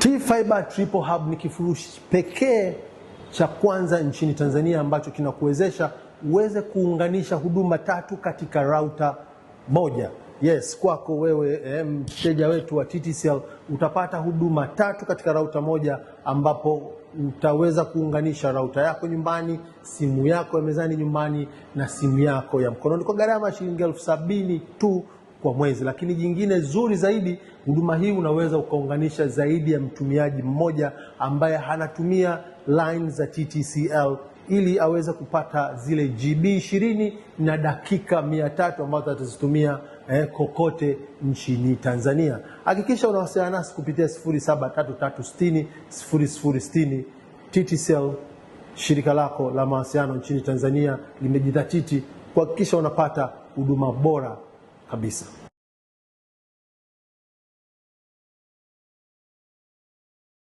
T-Fiber Triple Hub ni kifurushi pekee cha kwanza nchini Tanzania ambacho kinakuwezesha uweze kuunganisha huduma tatu katika rauta moja. Yes, kwako wewe eh, mteja wetu wa TTCL utapata huduma tatu katika rauta moja ambapo utaweza kuunganisha rauta yako nyumbani, simu yako ya mezani nyumbani na simu yako ya mkononi kwa gharama ya shilingi elfu sabini tu kwa mwezi. Lakini jingine zuri zaidi, huduma hii unaweza ukaunganisha zaidi ya mtumiaji mmoja ambaye anatumia line za TTCL ili aweze kupata zile GB 20 na dakika 300 ambazo atazitumia eh, kokote nchini Tanzania. Hakikisha unawasiliana nasi kupitia 0733600060 TTCL shirika lako la mawasiliano nchini Tanzania limejidhatiti kuhakikisha unapata huduma bora. Rabiça.